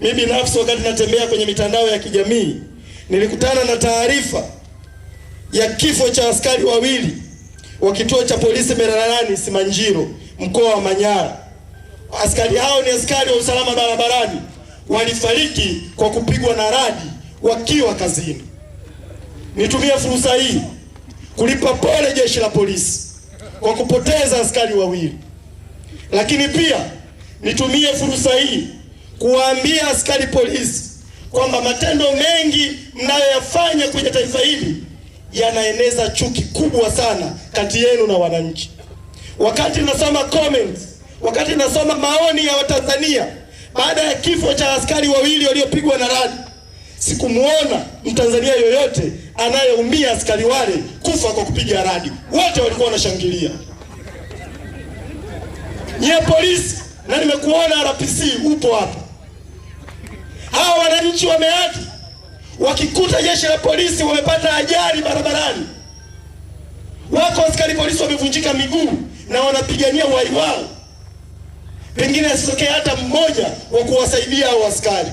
Mimi binafsi wakati natembea kwenye mitandao ya kijamii nilikutana na taarifa ya kifo cha askari wawili wa kituo cha polisi Mererani Simanjiro, mkoa wa Manyara. Askari hao ni askari wa usalama barabarani, walifariki kwa kupigwa na radi wakiwa kazini. Nitumie fursa hii kulipa pole jeshi la polisi kwa kupoteza askari wawili, lakini pia nitumie fursa hii kuwaambia askari polisi kwamba matendo mengi mnayoyafanya kwenye taifa hili yanaeneza chuki kubwa sana kati yenu na wananchi. Wakati nasoma comments, wakati nasoma maoni ya Watanzania baada ya kifo cha askari wawili waliopigwa na radi, sikumwona Mtanzania yoyote anayeumia askari wale kufa kwa kupiga radi. Wote walikuwa wanashangilia. Nyie polisi, na nimekuona RPC upo hapa hawa wananchi wameati wakikuta jeshi la polisi wamepata ajali barabarani, wako askari polisi wamevunjika miguu na wanapigania uhai wao, pengine asitokee hata mmoja wa kuwasaidia hao askari.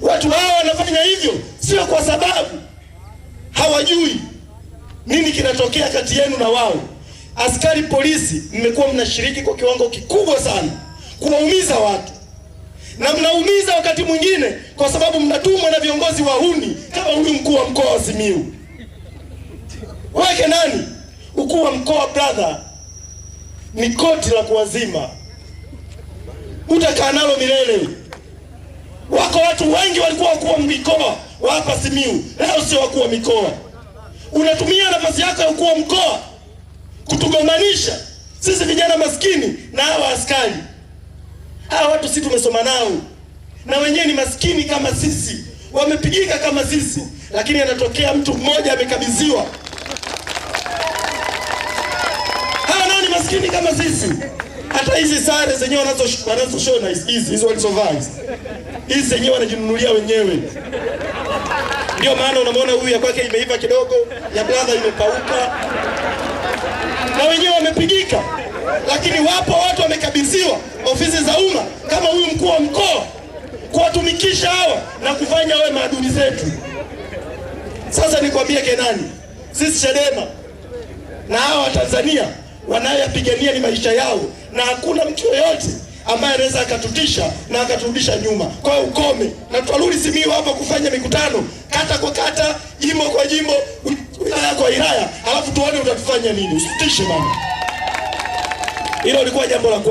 Watu hawa wanafanya hivyo sio kwa sababu hawajui nini kinatokea kati yenu na wao. Askari polisi, mmekuwa mnashiriki kwa kiwango kikubwa sana kuwaumiza watu na mnaumiza wakati mwingine, kwa sababu mnatumwa na viongozi wahuni kama huyu mkuu wa mkoa wa simiu Weke nani ukuu wa mkoa brother, ni koti la kuwazima, utakaa nalo milele. Wako watu wengi walikuwa wakuu wa mikoa wa hapa simiu leo sio wakuu wa mikoa. Unatumia nafasi yako ya ukuu wa mkoa kutugomanisha sisi vijana maskini na hawa askari. Hawa watu si tumesoma nao na wenyewe ni maskini kama sisi, wamepigika kama sisi, lakini anatokea mtu mmoja amekabidhiwa. Hawa nao ni maskini kama sisi, hata hizi sare zenyewe wanazoshona hizi hizi walizovaa hizi zenyewe wanajinunulia wenyewe. Ndio maana unamwona huyu ya kwake imeiva kidogo, ya brother imepauka, na wenyewe wamepigika lakini wapo watu wamekabidhiwa ofisi za umma kama huyu mkuu wa mkoa kuwatumikisha hawa na kufanya wawe maadui zetu. Sasa nikwambie Kenani, sisi Chadema na hawa Watanzania wanayoyapigania ni maisha yao, na hakuna mtu yoyote ambaye anaweza akatutisha na akaturudisha nyuma. Kwa hiyo ukome, na tutarudi Simiyu hapa kufanya mikutano kata kwa kata, jimbo kwa jimbo, wilaya kwa wilaya, halafu tuone utatufanya nini. Usitishe mama. Hilo lilikuwa jambo la kwanza.